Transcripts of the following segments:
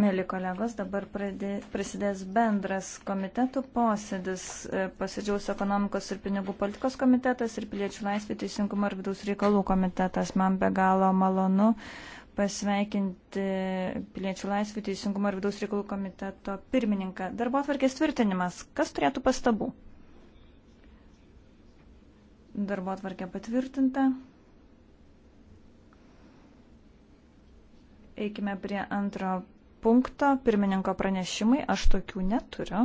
Mėly kolegos, dabar prasidės bendras komitetų posėdis. E, Pasidžiaus ekonomikos ir pinigų politikos komitetas ir piliečių laisvė, teisingumo ir vidaus reikalų komitetas. Man be galo malonu pasveikinti piliečių laisvė, teisingumo ir vidaus reikalų komiteto pirmininką. Darbo atvarkės tvirtinimas. Kas turėtų pastabų? Darbo atvarkė patvirtinta. Eikime prie antro punkto. Pirmininko pranešimai. Aš tokių neturiu.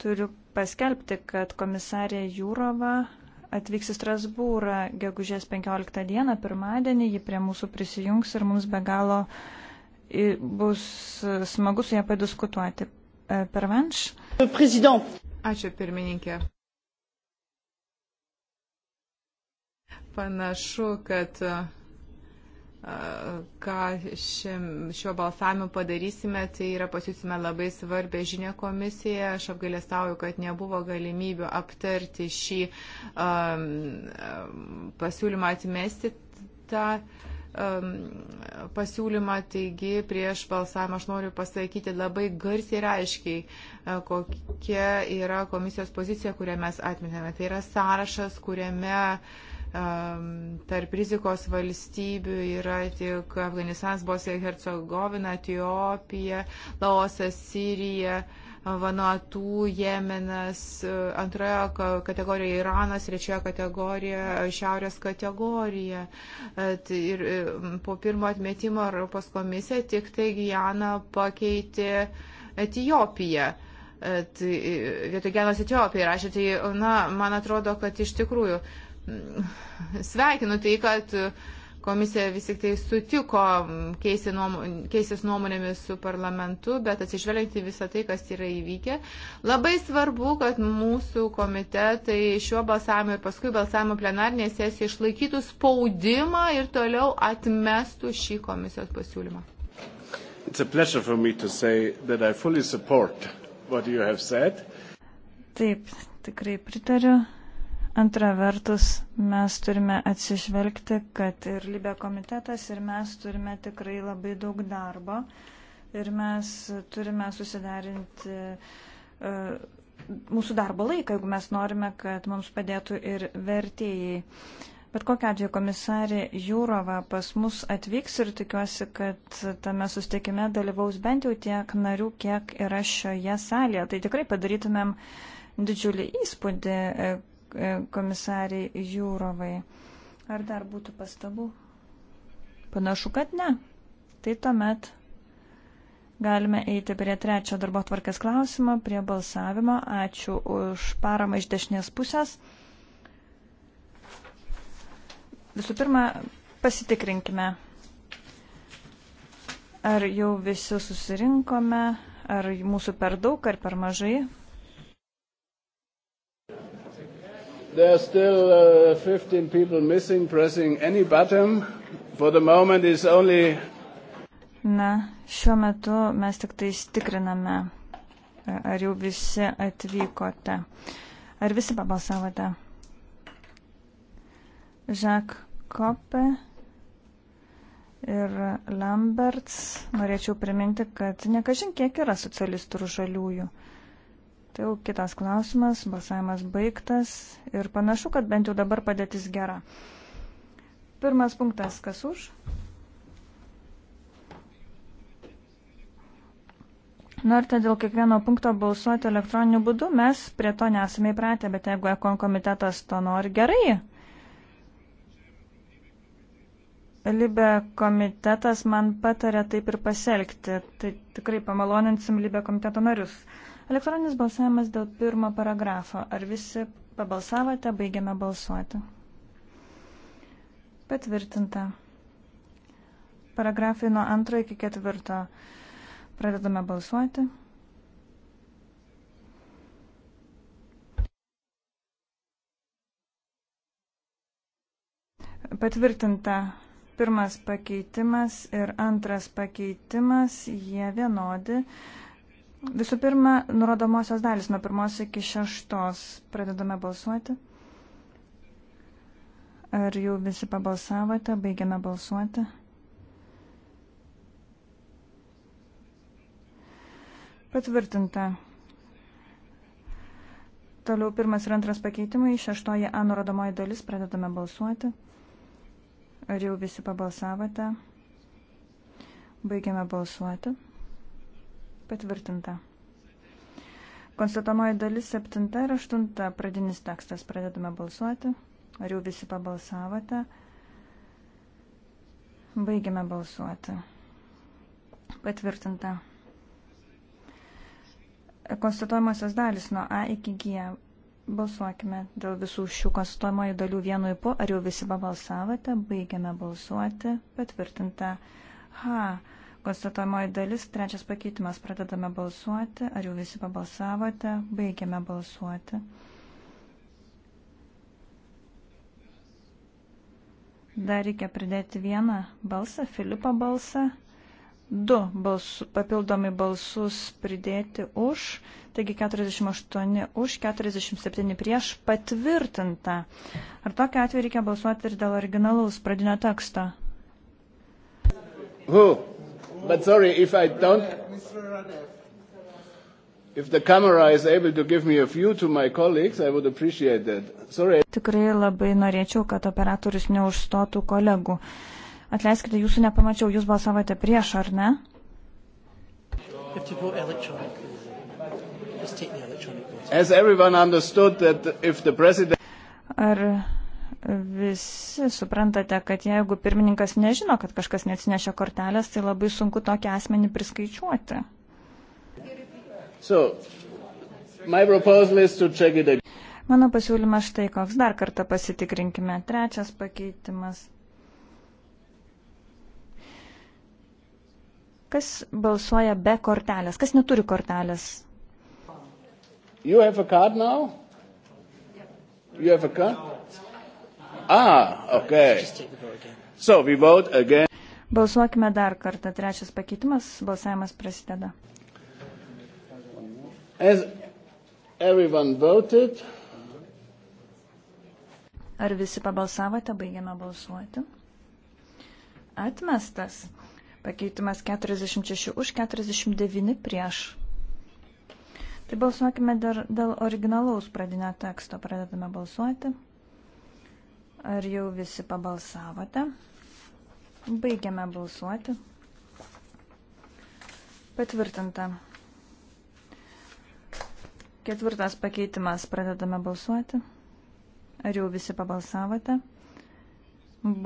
Turiu paskelbti, kad komisarė Jūrova atvyks į Strasbūrą gegužės 15 dieną, pirmadienį, ji prie mūsų prisijungs ir mums be galo bus smagu su ją padiskutuoti. E, per vanš. Ačiū pirmininkė. Panašu, kad ką šiuo balsavimu padarysime, tai yra pasiūsime labai svarbę žinę komisiją. Aš apgailestauju, kad nebuvo galimybių aptarti šį um, pasiūlymą atmesti tą um, pasiūlymą. Taigi prieš balsavimą aš noriu pasakyti labai garsiai ir aiškiai, kokia yra komisijos pozicija, kurią mes atmetėme. Tai yra sąrašas, kuriame uh, tarp rizikos valstybių yra tik Afganistanas, Bosija, Hercegovina, Etiopija, Laosas, Sirija. Vanuatų, Jemenas, antroje kategorijoje Iranas, trečioje kategorijoje Šiaurės kategorija. Ir po pirmo atmetimo Europos komisija tik tai Gijana pakeitė Etijopiją vietoj genos Etiopiją rašė. Tai, na, man atrodo, kad iš tikrųjų sveikinu tai, kad komisija vis tik tai sutiko keisi nuomonė, keisis nuomonėmis su parlamentu, bet atsižvelgiant į visą tai, kas yra įvykę, labai svarbu, kad mūsų komitetai šiuo balsavimu ir paskui balsavimu plenarnėje sesijoje išlaikytų spaudimą ir toliau atmestų šį komisijos pasiūlymą. Taip, tikrai pritariu Antra vertus, mes turime atsižvelgti, kad ir Libė komitetas, ir mes turime tikrai labai daug darbo ir mes turime susidarinti e, mūsų darbo laiką, jeigu mes norime, kad mums padėtų ir vertėjai. Bet kokia atveju komisarė Jūrova pas mus atvyks ir tikiuosi, kad tame sustikime dalyvaus bent jau tiek narių, kiek yra šioje salėje. Tai tikrai padarytumėm didžiulį įspūdį E, komisariai Jūrovai. Ar dar būtų pastabų? Panašu, kad ne. Tai tuomet galime eiti prie trečio darbo tvarkės klausimo, prie balsavimo. Ačiū už paramą iš dešinės pusės. Visų pirma, pasitikrinkime, ar jau visi susirinkome, ar mūsų per daug, ar per mažai. there are still uh, 15 people missing pressing any button. For the moment is only. Na, šiuo metu mes tik tai tikriname, e, ar jau visi atvykote. Ar visi pabalsavote? Žak Kope ir Lamberts. Norėčiau priminti, kad nekažin kiek yra socialistų ir žaliųjų. Uh, Tai jau kitas klausimas, balsavimas baigtas ir panašu, kad bent jau dabar padėtis gera. Pirmas punktas, kas už? Norite dėl kiekvieno punkto balsuoti elektroniniu būdu, mes prie to nesame įpratę, bet jeigu ekon komitetas to nori, gerai, Libė komitetas man patarė taip ir pasielgti. Tai tikrai pamaloninsim Libė komiteto narius. Elektroninis balsavimas dėl pirmo paragrafo. Ar visi pabalsavote, baigiame balsuoti? Patvirtinta. Paragrafai nuo antro iki ketvirto. Pradedame balsuoti. Patvirtinta. Pirmas pakeitimas ir antras pakeitimas, jie vienodi. Visų pirma, nurodomosios dalis nuo pirmos iki šeštos. Pradedame balsuoti. Ar jau visi pabalsavote? Baigiame balsuoti. Patvirtinta. Toliau pirmas ir antras pakeitimai. Šeštoji A nurodomoji dalis. Pradedame balsuoti. Ar jau visi pabalsavote? Baigiame balsuoti. Patvirtinta. Konstatuojamoji dalis 7 ir 8 pradinis tekstas. Pradedame balsuoti. Ar jau visi pabalsavote? Baigiame balsuoti. Patvirtinta. Konstatuojamosios dalis nuo A iki G Balsuokime dėl visų šių konstatuojamojų dalių vienu įpu. Ar jau visi pabalsavote? Baigiame balsuoti. Patvirtinta. H. Konstatuojamoji dalis, trečias pakeitimas. Pradedame balsuoti. Ar jau visi pabalsavote? Baigiame balsuoti. Dar reikia pridėti vieną balsą, Filipo balsą du balsu, papildomai balsus pridėti už, taigi 48 už, 47 prieš patvirtinta. Ar tokiu atveju reikia balsuoti ir dėl originalaus pradinio teksto? Who? But sorry, if I don't. If the camera is able to give me a view to my colleagues, I would appreciate that. Sorry. Tikrai labai norėčiau, kad operatorius neužstotų kolegų. Uh, Atleiskite, jūsų nepamačiau, jūs balsavote prieš, ar ne? Ar visi suprantate, kad jeigu pirmininkas nežino, kad kažkas neatsinešė kortelės, tai labai sunku tokį asmenį priskaičiuoti. So, Mano pasiūlymas štai koks, dar kartą pasitikrinkime. Trečias pakeitimas, Kas balsuoja be kortelės? Kas neturi kortelės? You have a card now? You have a card? Ah, okay. So we vote again. Balsuokime dar kartą. Trečias pakeitimas. Balsavimas prasideda. As everyone voted. Ar visi pabalsavote? Baigiame balsuoti. Atmestas. Pakeitimas 46 už 49 prieš. Tai balsuokime dar dėl originalaus pradinio teksto. Pradedame balsuoti. Ar jau visi pabalsavote? Baigiame balsuoti. Patvirtinta. Ketvirtas pakeitimas. Pradedame balsuoti. Ar jau visi pabalsavote?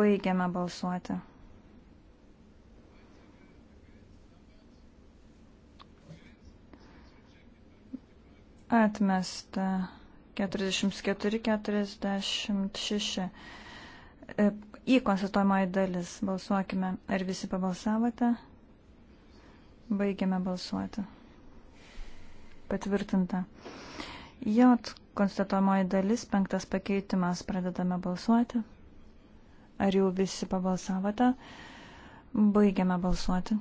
Baigiame balsuoti. Atmesta. 44, 46. E, į konstatuojamąjį dalis balsuokime. Ar visi pabalsavote? Baigiame balsuoti. Patvirtinta. J konstatuojamoji dalis, penktas pakeitimas, pradedame balsuoti. Ar jau visi pabalsavote? Baigiame balsuoti.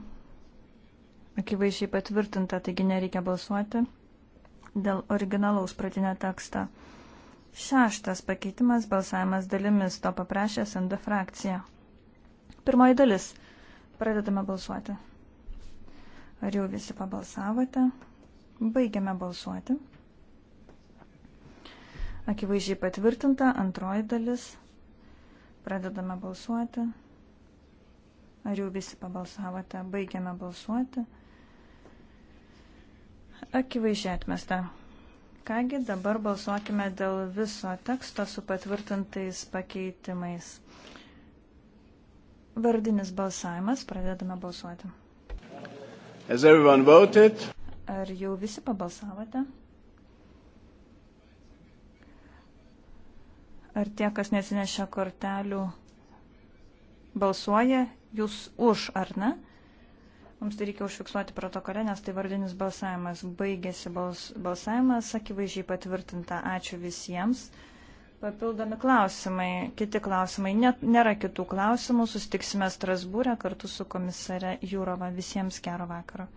Akivaizdžiai patvirtinta, taigi nereikia balsuoti dėl originalaus pradinio teksto. Šeštas pakeitimas balsavimas dalimis, to paprašė SND frakcija. Pirmoji dalis. Pradedame balsuoti. Ar jau visi pabalsavote? Baigiame balsuoti. Akivaizdžiai patvirtinta antroji dalis. Pradedame balsuoti. Ar jau visi pabalsavote? Baigiame balsuoti. Akivaizdžiai atmesta. Kągi, dabar balsuokime dėl viso teksto su patvirtintais pakeitimais. Vardinis balsavimas, pradedame balsuoti. Ar jau visi pabalsavote? Ar tie, kas nesinešia kortelių, balsuoja, jūs už ar ne? Mums tai reikia užfiksuoti protokole, nes tai vardinis balsavimas. Baigėsi bals, balsavimas, akivaizdžiai patvirtinta. Ačiū visiems. Papildomi klausimai, kiti klausimai. Net, nėra kitų klausimų. Sustiksime Strasbūrę kartu su komisare Jūrova. Visiems gero vakaro.